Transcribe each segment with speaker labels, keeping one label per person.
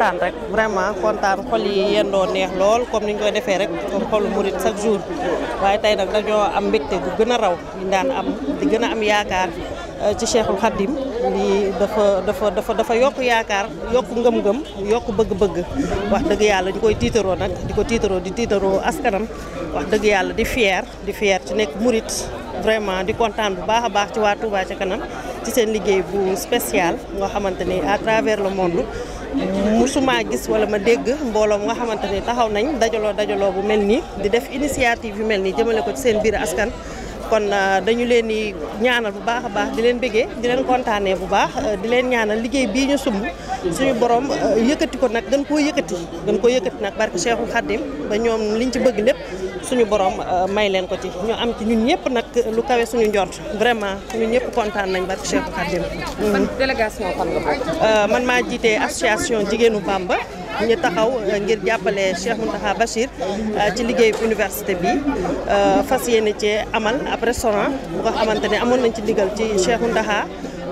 Speaker 1: kontaan rek vraiment kontaan xol yi yendoo neex lool comme niñ koy defee rek comme xolu chaque jour waaye tey nag dañoo am mbégte bu gën raw ñu daan am di gën am yaakaar euh, ci cheikhul khadim li dafa dafa dafa dafa yokk yaakaar yokk ngëm-ngëm yokk bëgg-bëgg wax dëgg yàlla di koy tiitaroo nag di ko tiitaroo di tiitaroo askanam wax dëgg yàlla di fier di fier ci nekk murit vraiment di kontaan bu baax a baax ci waa Touba ca kanam ci seen liggéey bu spécial nga xamante à travers le monde musuma gis wala ma deg mbooloo nga xamanteni taxaw nañ dajalo dajalo bu melni. The di def initiative yu melni jëmele ko ci seen biir askan kon euh, dañu leen ni ñaanal bu baaxa a baax di leen bëggé di leen contané bu baax euh, di leen ñaanal liggéey bi ñu sumbu suñu borom euh, yëkëti ko nak gën ko yëkëti gën ko yëkëti nak barke Cheikhul Khadim ba ñoom liñ ci bëgg lepp suñu borom may leen ko ci ñu am ci ñun ñëpp nak lu kawé suñu ndort vraiment ñun ñëpp kontaan nañ barke Cheikhul Khadim man délégation fan nga man ma jité association jigéenu Bamba ñu taxaw euh, ngir jàppale Cheikh Mountakha Bachir euh, ci liggéey université bi euh, fas yéene cee amal ab restaurant bu nga xamante ne amoon nañ ci digal ci Cheikh Mountakha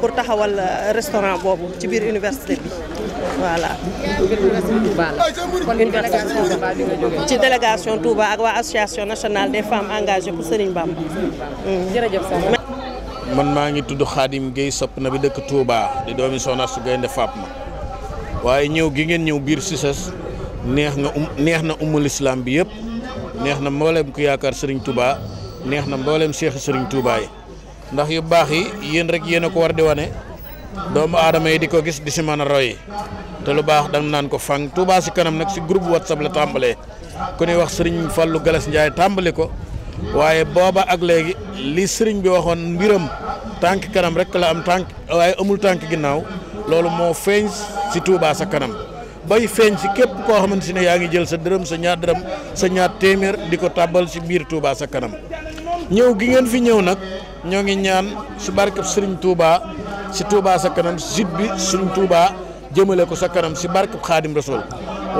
Speaker 1: pour taxawal restaurant boobu ci biir université bi voilà. ci délégation Touba ak waa association national des femmes engagées pour Serigne Bamba. Mm. jërëjëf
Speaker 2: man maa ngi tudd Khadim géey sopp na bi dëkk Touba di doomi Soxna su Gaynde Fatma waaye ñëw gi ngeen ñëw biir Cissesse neex nga um neex na umul islam bi yëpp neex na mboolem ku yaakaar Serigne Touba neex na mboolem seexi Serigne Touba yi ndax yu baax yi yéen rek yéen a ko war di wane doomu aadama yi di ko gis di si mën a roy te lu baax danga naan ko fang Touba si kanam nag si groupe WhatsApp la tàmbalee ku ñuy wax Serigne Fallou Galas Ndiaye tàmbali ko waaye booba ak léegi li Serigne bi waxoon mbiram tànk kanam rek la am tànk waaye amul tànk ginnaaw. lolu mo feñ situ Touba sa kanam bay feñ si kep ko xamanteni ne jel jël sa deureum sa ñaar deureum sa ñaar témèr di tabal ci si Touba sa kanam ñew gi ngeen fi ñew nak ñoo ngi ñaan su barkeb Serigne Touba ci Touba sa kanam sit bi Serigne Touba jëmele ko sa kanam ci khadim Rasul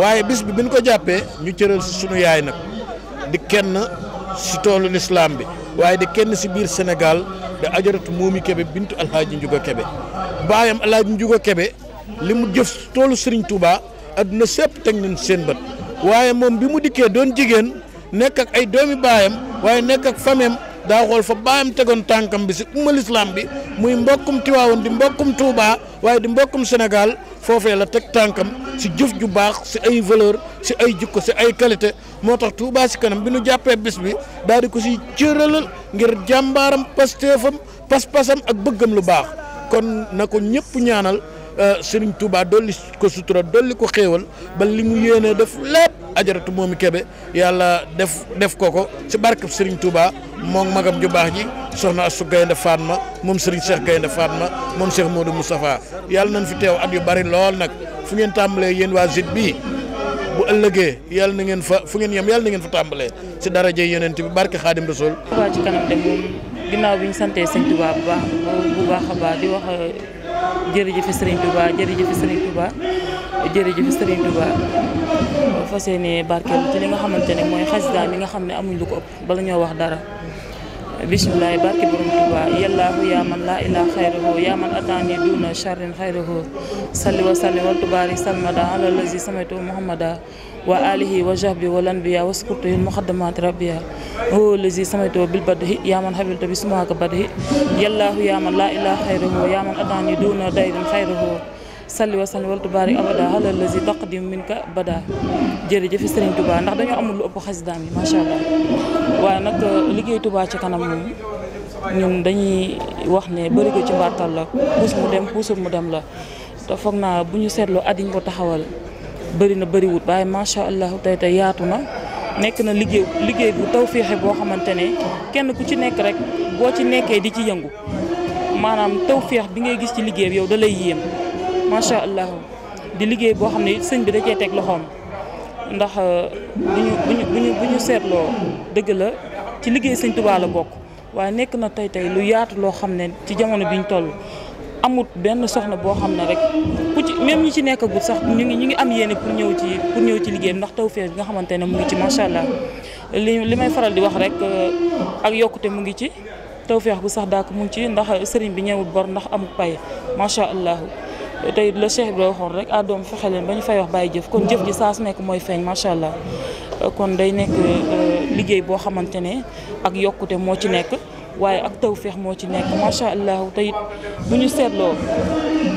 Speaker 2: waye bis bi biñ ko jappé ñu cëral ci suñu yaay nak di kenn ci tolu l'islam bi waye di kenn si bir Sénégal da ajaratu momi Kebe bintu alhaji Njuga Kebe baayam El Hadj Ndiouga Kébé li mu jëf toolu Serigne Touba adduna sépp teg nañ seen bët waaye moom bi mu dikkee doon jigéen nekk ak ay doomi baayam waaye nekk ak fameem daaxool xool fa baayam tegoon tànkam bi si ummal islam bi muy mbokkum Tiwaawoon di mbokkum Touba waaye di mbokkum Sénégal foofee la teg tànkam si jëf ju baax si ay valeur si ay jikko si ay qualité moo tax Touba si kanam bi nu jàppee bis bi daal ko si cëralal ngir jàmbaaram pasteefam pas-pasam ak bëggam lu baax. kon na ko ñëpp ñaanal euh, Serigne Touba dolli ko sutura dolli ko xéewal ba li mu yéenee def lépp ajaratu moomi kebe yàlla def def ko ko ci barkab Serigne Touba moom magam ju baax ji soxna Astou Gaynde ma moom Serigne Cheikh Gaynde Fatma moom Cheikh Modou Moustapha yàlla nañ fi teew at yu bari lool nag fu ngeen tàmbalee yéen waa ZIT bi bu ëllëgee yàlla na ngeen fa fu ngeen yem yàlla na ngeen fa tàmbalee si daraja yeneen bi barke Xaadim Rasul. ci
Speaker 3: ginnaaw bi ñu santee sëñ Touba bu baax bu baax a baax di wax jërëjëf sëriñ Touba jërëjëf sëriñ jërëjëf sëriñ Touba fas yéene barkeelu ci li nga xamante ne mooy xasida mi nga xam ne amuñ lu ko ëpp bala ñoo wax dara bisimilah barke borom Touba yallaahu yaa man laa ilaa xayruhu yaa man ataani duuna charrin xayruhu salli wa salli wal tubaari salmada ala lazi samatu muhammada wa alihi wa jahbi wal anbiya wa sukurtuhi muqaddamat rabbiya huwa lazi samaytu bil badhi ya man habiltu bismaka badhi yallahu ya man la ilaha khayruhu ya man adani duna dayrin khayruhu salli wa salli wal tubaari abada halal lazi taqdim minka bada jërëjëf Serigne Touba ndax dañoo amul lu ëpp xasidaam yi macha allah waaye nag liggéey Touba ci kanam moom ñun dañuy wax ne bëri ko ci mbartal la puus mu dem puusul mu dem la te foog naa bu ñu seetloo at yi ko taxawal bëri na bëriwut waaye macha allah tey tey yaatu na nekk na liggéey liggéey bu taw féexe boo xamante ne kenn ku ci nekk rek boo ci nekkee di ci yëngu maanaam taw féex bi ngay gis ci liggéey bi yow da lay yéem macha allah di liggéey boo xam ne sëñ bi da teg loxoom ndax euh, bu ñu bu ñu bu ñu seetloo dëgg la ci liggéey sëñ Tuubaa bokk waaye nekk na tey tey lu yaatu loo xam ne ci jamono biñ toll amut benn soxna boo xam ne rek ku ci même ñi ci nekk nekkagul sax ñu ngi ñu ngi am yéene pour ñëw ci pour ñëw ci liggéey ndax tawfeex bi nga xamante ne mu ngi ci macha allah li li may faral di wax rek euh, ak yokkute mu ngi ci tawfeex bu sax daak mu ngi ci ndax sëriñ bi ñëwul bor ndax amut pay macha allah. tey la Cheikh Ibrahima waxoon rek ah doom fexe leen ba ñu fay wax bàyyi jëf kon jëf ji saa su nekk mooy feeñ macha allah kon day nekk euh, liggéey boo xamante ne ak yokkute moo ci nekk. waaye ak tawféex moo ci nekk macha allah te it bu ñu seetloo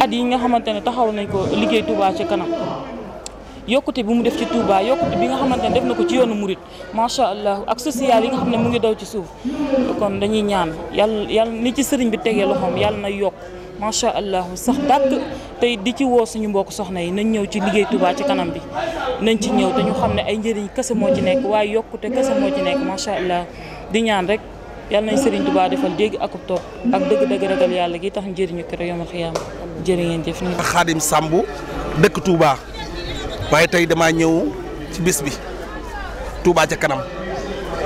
Speaker 3: at yi nga xamante ne taxaw nañ ko liggéey Touba ci kanam yokkute bi mu def ci Touba yokkute bi nga xamante ne def na ko ci yoonu murit macha allah ak social yi nga xam ne mu ngi daw ci suuf kon dañuy ñaan yàlla yàlla ni ci sëriñ bi tegee loxoom yàlla na yokk macha allah sax dàkk tey di ci woo suñu mbokk soxna yi nañ ñëw ci liggéey Touba ci kanam bi nañ ci ñëw te ñu xam ne ay njëriñ kese moo ci nekk waaye yokkute kese moo ci nekk macha allah di ñaan rek. yalla nañ serigne touba defal deg ak tok ak deug deug ragal yalla gi tax njëriñu kër yomal xiyam jëri def ni khadim sambu
Speaker 4: dekk touba waye tay dama ñew ci bis bi touba ci kanam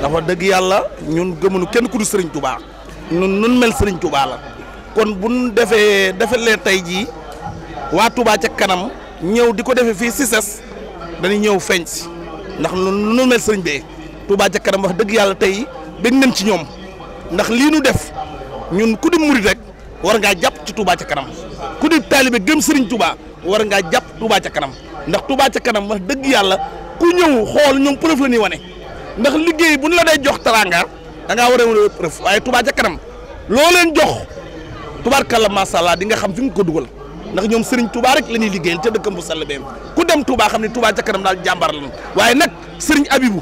Speaker 4: dafa deug yalla ñun gëmunu kenn ku du serigne touba ñun ñun mel serigne touba la kon buñ defé le tay ji wa touba ci kanam ñew diko defé fi sisses dañ ñew feñc ndax ñun mel serigne be touba ci kanam wax deug yalla tay nañ ci ñom ndax lii nu def ñun ku di murit rek war ngaa jàpp ci Touba ca kanam ku di taalibe gëm Serigne Touba war ngaa jàpp Touba ca kanam ndax Touba ca kanam ma dëgg yàlla ku ñëw xool ñoom preuve la wane ndax liggéey bu ñu la day jox teraanga da ngaa war a wane waaye Touba ca kanam loo leen jox tubaarkàlla macha allah di nga xam fi nga ko dugal ndax ñoom Serigne Touba rek la ñuy liggéeyal ca dëkkam bu sell bee ku dem Touba xam ne Touba ca kanam daal jàmbaar la waaye nag Serigne Abibou.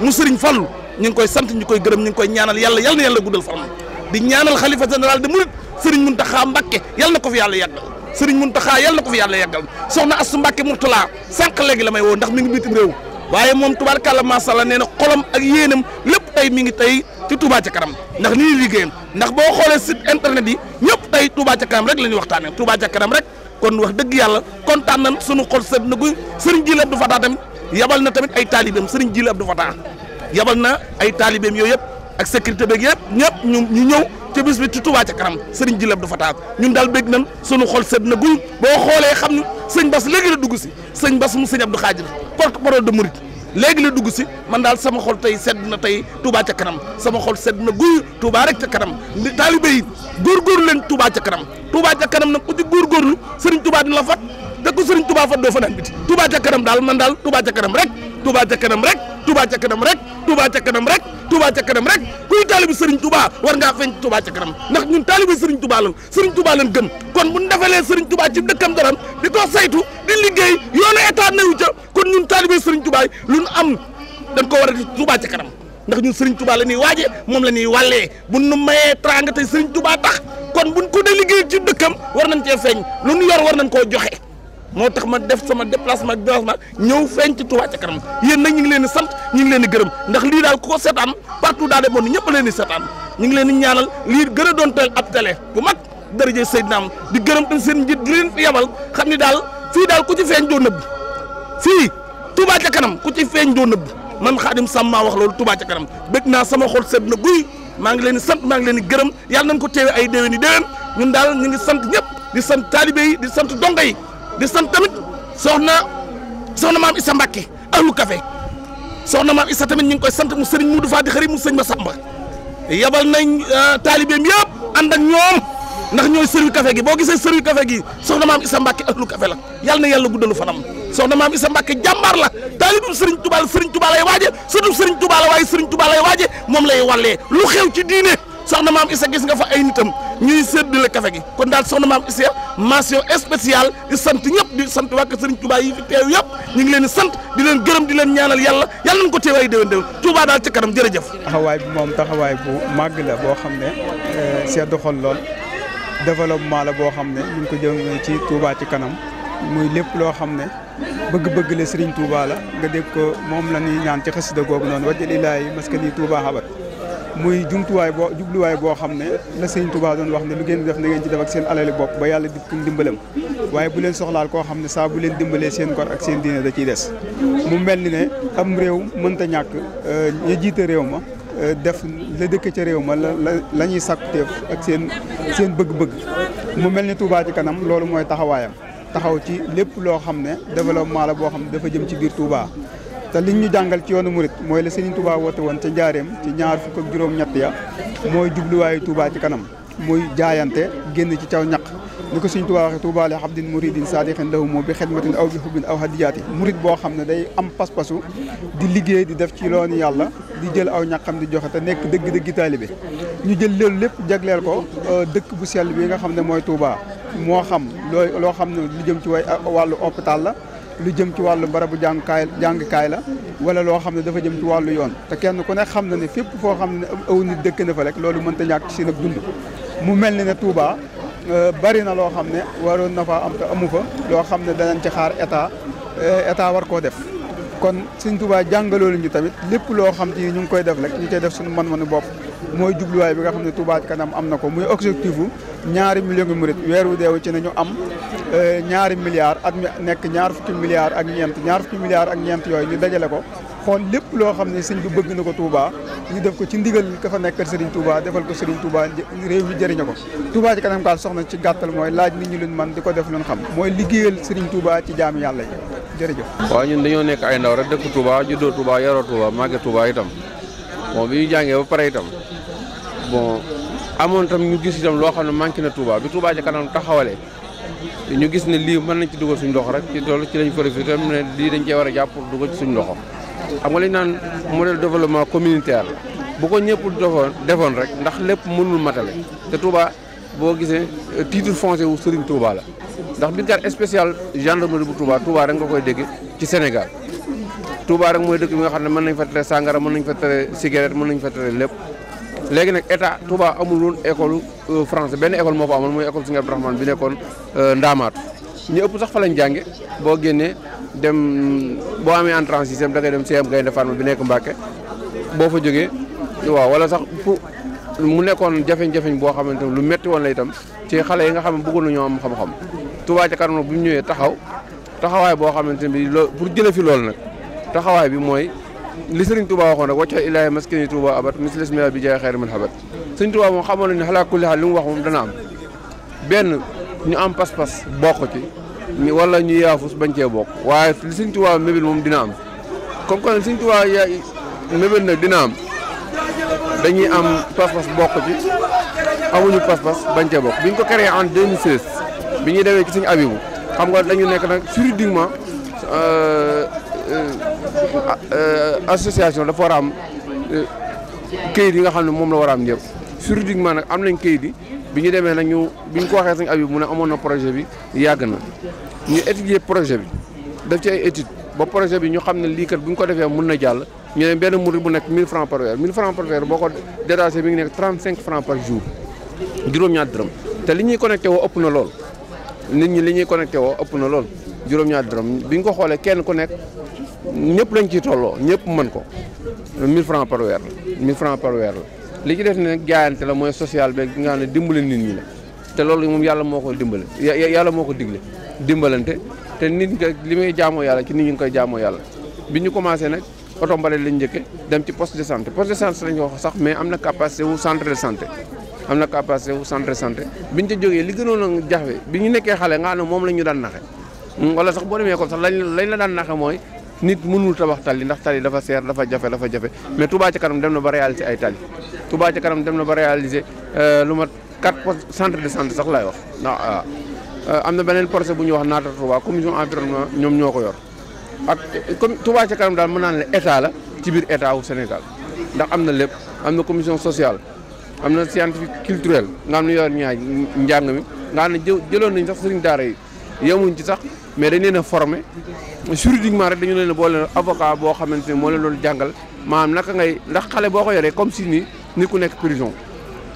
Speaker 4: mu sëriñ Fallou ñu ngi koy sant ñu koy gërëm ñu ngi koy ñaanal yàlla yàlla na yàlla guddal fanam di ñaanal xalifa général de Mouride sëriñ Mountakha Mbacké yàlla na ko fi yàlla yàggal sëriñ Mountakha yàlla na ko fi yàlla yàggal soxna Astou Mbacké laa sànq léegi la may woo ndax mi ngi bitim réew waaye moom tubaarkàlla macha allah nee na xolam ak yéenam lépp tey mi ngi tey ci Touba ca kanam ndax li liggéeyam ndax boo xoolee site internet yi ñëpp tey Touba ca kanam rek la ñuy waxtaanee Touba ca kanam rek kon wax dëgg yàlla kontaan nañ sunu xol sedd na guy sëriñ ji Abdou Fatah tamit yabal na tamit ay taalibeem sëriñ Jili Abdou Fatah yabal na ay taalibeem yooyu yëpp ak sécurité beeg yëpp ñëpp ñu ñu ñëw ca bis ci Touba ca kanam sëriñ Jili Abdou Fatah ñun daal bégg nan sunu xol sedd na guy boo xoolee xam ni sëñ Bas léegi la dugg si sëñ Bas mu sëñ Abdou Khadir porte-parole de Mouride léegi la dugg si man daal sama xol tey sedd na tey Touba ca kanam sama xol sedd na guy Touba rek ca kanam li taalibe yi góorgóorlu leen Touba ca kanam Touba ca kanam nag ku ci góorgóorlu sëriñ Touba dina la fat dëkku serigne Touba fa fa Tuba biti Touba ca kanam dal man dal Touba ca kanam rek Touba ca kanam rek Touba ca kanam rek Touba ca kanam rek Touba ca kanam rek kuy talib serigne Touba war nga feeñ Touba ca kanam nak ñun talib serigne Touba lan serigne Touba gën kon bu ndafalé serigne Touba ci dekkam daram diko saytu di liggéey yoonu état neewu ca kon ñun talib serigne Touba lu am dañ ko wara di Touba ca kanam ndax ñun serigne Touba la ni waje mom la ni walé bu ñu Touba tax kon buñ ko dee liggéey ci dekkam war nañ ci feñ lu yor war nañ ko joxé moo tax ma def sama déplacement déplacement ñëw feeñ ci Touba ca kanam yéen nag ñu ngi leen sant ñu ngi leen di gërëm ndax lii daal ku ko seetaan partout daal de monde ñëpp leen di seetaan ñu ngi leen di ñaanal lii gën a doon teel ab télé bu mag dërëjëf Seydina am di gërëm tam seen njiit di leen fi yebal xam ni daal fii daal ku ci feeñ doo nëbb fii Touba ca kanam ku feeñ doo nëbb man Xaadim Samb maa wax loolu Touba ca kanam bëgg naa sama xol sedd na guy maa ngi leen sant maa ngi leen di gërëm yàlla nañ ko teewe ay déwén yi déwén ñun daal ñu ngi sant ñëpp di sant taalibe di sant donga yi di sant tamit soxna soxna maam Issa Mbacke ahlu café soxna maam Issa tamit ñu ngi koy sant mu sëriñ Moudou Fadi xarit mu ma sëñ Massamba yabal nañ euh, taalibeem yëpp ànd ak ñoom ndax ñooy sëriñ café gi boo gisee sëriñ café gi soxna maam Issa Mbacke ahlu café la yàlla na yàlla guddalu fanam soxna maam Issa Mbacke jàmbaar la taalibum sëriñ Touba la sëriñ Touba lay waaje surtout sëriñ Touba la waaye sëriñ Touba lay waaje moom lay wallee lu xew ci diine soxna maam gis nga fa ay nitam ñuy séddale kafe gi kon daal soxna maam Issa mention spéciale di sant ñëpp di sant waa kër Serigne Touba yi fi teew yëpp ñu ngi leen sant di leen gërëm di leen ñaanal yàlla yàlla nañu ko teewaay déwén déwén Touba daal ci kanam jërëjëf.
Speaker 5: taxawaay bi moom taxawaay bu màgg la boo xam ne eh, seddu xol lool développement la boo xam ne ñu ngi ko jëm ci Touba ci kanam muy lépp loo xam ne bëgg-bëgg la Serigne Touba la nga dégg ko moom la ñuy ñaan ci xasida googu noonu wajjal ilaahi maskani Touba habat muy jumtuwaay boo jubluwaay boo xam ne la sëñ Touba doon wax ne lu ngeen def na ngeen ci def ak seen alali bopp ba yàlla dikk ndimbalam waaye bu leen soxlaal koo xam ne saa bu leen dimbalee seen ngor ak seen diine da ciy des mu mel ni ne am réew mënta ñàkk euh, ñu jiite réew ma euh, def la dëkk ca réew ma la la ñuy sàkkuteef ak seen seen bëgg-bëgg mu mel ni Touba ci kanam loolu mooy taxawaayam taxaw ci lépp loo xam ne développement la boo xam ne dafa jëm ci biir Touba te li ñu jàngal ci yoonu murit mooy la Serigne Touba woote woon ca njaareem ci ñaar fukk ak juróom-ñett ya mooy jubluwaayu Touba ci kanam muy jaayante génn ci caw ñaq ni ko Serigne Touba waxee Touba li xabdin muridin saadiqin lahu moo bi xidmatin aw bi xubbin aw hadiyaati murit boo xam ne day am pas-pasu di liggéey di def ci loonu yàlla di jël aw ñaqam di joxe te nekk dëgg-dëgg taalibe ñu jël loolu lépp jagleel ko euh, dëkk bu sell bi nga xam ne mooy Touba moo xam loo loo xam ne lu jëm ci way wàllu hôpital la lu jëm ci wàllu barabu jàngukaay jàngukaay la wala loo xam ne dafa jëm ci wàllu yoon te kenn ku ne xam na ni fépp foo xam ne aw nit dëkk na fa rek loolu mën ta ñàkk ci seen ak dund mu mel ni ne Touba euh, bari na loo xam ne waroon na faa am te amu fa loo xam ne danañ ci xaar état euh, état war koo def kon Sëñ Touba jàngaloolu ñu tamit lépp loo xam ci ñu ngi koy def rek ñu koy def suñu mën-mënu bopp mooy jubluwaay bi nga xam ne Touba kanam am na ko muy objectif ñaari million ngi murit weer wu deewu ci nañu am euh, ñaari milliards at mi nekk ñaar fukki milliards ak ñeent ñaar fukki milliards ak ñeent yooyu ñu dajale ko xool lépp loo xam ne sëñ bi bëgg na ko Touba ñu def ko ci ndigal ka fa nekkal Serigne Touba defal ko Serigne Touba réew mi jëriñu ko Touba ci kanam kaal soxna ci gàttal mooy laaj ni ñi luñ man di ko def luñ xam mooy liggéeyal Serigne Touba ci jaam yàlla yi jërëjëf
Speaker 6: waaw ñun dañoo nekk ay ndaw rek dëkk Touba juddoo Touba yaroo Touba màgge Touba itam bon bi ñu jàngee ba pare itam bon amoon tam ñu gis itam loo xam ne manqué na Touba bi Touba ci kanam taxawalee ñu gis ne lii mën nañ ci dugal suñu loxo rek ci loolu ci lañ profité tam ne dañ cee war a jàpp pour dugal ci xam nga li naan modèle développement communautaire bu ko ñëpp defoon defoon rek ndax lépp mënul matale te Touba boo gisee euh, titre foncier wu Serigne Touba la. ndax brigade spéciale gendarmerie bu Touba Touba rek nga koy dégg ci Sénégal Touba rek mooy dëkk bi nga xam ne mën nañ fa tere sàngara mën nañ fa tere cigarette mën nañ fa tere lépp. léegi nag état Touba amul woon école euh, français benn école moo ko amoon muy école Serigne Abdou Rahmane bi nekkoon euh, ndaamaat ñu ëpp sax fa lañ jànge boo génnee dem boo amee entrée en sixième da ngay dem CM Gaynde Fatma bi nekk Mbacke boo fa jógee waaw wala sax pour mu nekkoon jafeñ-jafeñ boo xamante lu métti woon la itam ci xale yi nga xam ne bëggoon nañoo am xam-xam Touba ca kanam bu ñu ñëwee taxaw taxawaay boo xamante ne bi loo pour jëlee fi loolu nag taxawaay bi mooy. li Serigne Touba waxoon rek wàccoon ilaahi maskini Touba abat mislis mia bi jaay xeer man xabat Serigne Touba moom xamoon nañu ne kulli xaal li mu wax moom dana am benn ñu am pas-pas bokk ci ñu wala ñu yaafus bañ cee bokk waaye li Serigne Touba mébél moom dina am comme que Serigne Touba ya mébél nag dina am dañuy am pas-pas bokk ci amuñu pas-pas bañ cee bokk biñ ko créé en 2016 bi ñuy demee ci Serigne Abibou xam nga dañu nekk nag juridiquement euh, euh, Euh, association dafa war a am euh, kayit yi nga xam ne moom la war a am yëpp juridiquement nag am nañ kayit yi bi ñu demee nag ñu bi ñu ko waxee sañ ab yi mu ne amoon na projet bi yàgg na ñu étudier projet bi def ci ay ba projet bi ñu xam ne lii kat bu ñu ko defee mun na jàll ñu ne benn mur bu nekk 1000 francs par weer 1000 francs par weer boo ko déraché bi ngi nekk 35 francs par jour juróom-ñaar dërëm te li ñuy connecté woo ëpp na lool nit ñi li ñuy connecté woo ëpp na lool juróom-ñaar dërëm bi ñu ko xoolee kenn ku nekk ñëpp lañ ciy tolloo ñëpp mën ko 1000 francs par weer la 1000 francs weer li ci def ne jaayante la mooy social beeg nga xam ne dimbale nit ñi la te loolu moom yàlla moo ko dimbale yàlla moo ko digle dimbalante te nit nga li muy jaamoo yàlla ci nit ñi nga koy jaamoo yàlla bi ñu commencé nag oto mbale lañ njëkke dem ci poste de santé poste de santé sax mais am na capacité wu centre de am na capacité wu centre de santé biñ jógee li gënoon jafe bi ñu nekkee xale nga xam moom la ñu daan naxe hmm, sax boo demee ko sax lañ lañ la daan naxe mooy nit mënul tabax tali ndax tali dafa seer dafa jafe dafa jafe mais Touba ca kanam dem na ba réaliser ay tali Touba ca kanam dem na ba réaliser euh, lu mat quatre centre de santé sax laay wax ndax euh, euh, am na beneen projet bu ñuy wax naata Touba commission environnement ñoom ñoo ko yor ak comme Touba ca kanam daal mën naa ne état la ci biir état wu Sénégal ndax am na lépp am na commission sociale am na scientifique culturel nga xam ne yor ñaar njàng mi nga xam ne jëloon nañ sax sëriñ daara yi yemuñ ci sax mais dañ leen a formé juridiquement rek dañu leen a boole avocat boo xamante ni moo leen doon jàngal maanaam naka ngay ndax xale boo ko yoree comme si ni ku nekk prison.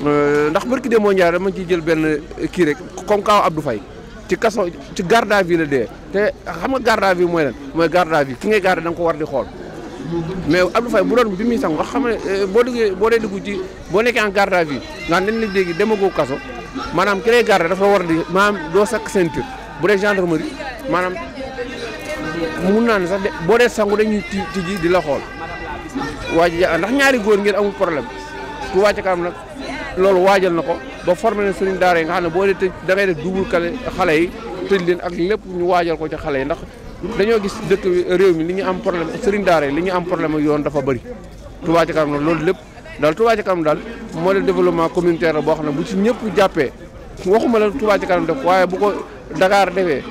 Speaker 6: Euh, ndax barki de moo Ndiaye dama ciy jël benn kii rek comme kaw Abdou Faye ci kaso ci garde à vue la dee te xam nga garde à mooy lan mooy garde à ki ngay garde da nga ko war di xool. mais Abdou fay bu doon bi muy sang nga xam euh, ne boo duggee boo dee dugg boo nekkee en garde à vue nga dañ la dégg demagoo kaso maanaam ki lay garde dafa war di maanaam doo sakk ceinture bu dee gendarmerie maanaam mun naa ne sax de boo dee sangu dañuy tijji di la xool waa ji ndax ñaari góor ngeen amul problème Touba ca kanam nag loolu waajal na ko ba formé na sëriñ daara ne boo dee tëj da ngay def double xale yi tëj leen ak lépp ñu waajal ko ci xale yi ndax dañoo gis dëkk réew mi li ñu am problème sëriñ daara yi li ñu am problème yoon dafa bëri Touba ca kanam nag loolu lépp daal Touba ca kanam daal modèle développement communautaire la boo xam ne bu si ñëpp jàppee waxuma la Touba ca kanam def waaye bu ko Dakar defee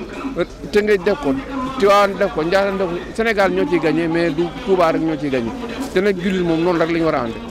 Speaker 6: Tëngéej def ko Tivaouane def ko Ndiassane def ko Sénégal ñoo ciy gagné mais du Touba rek ñoo ciy gagné te nag jullit moom noonu rek la ñu war a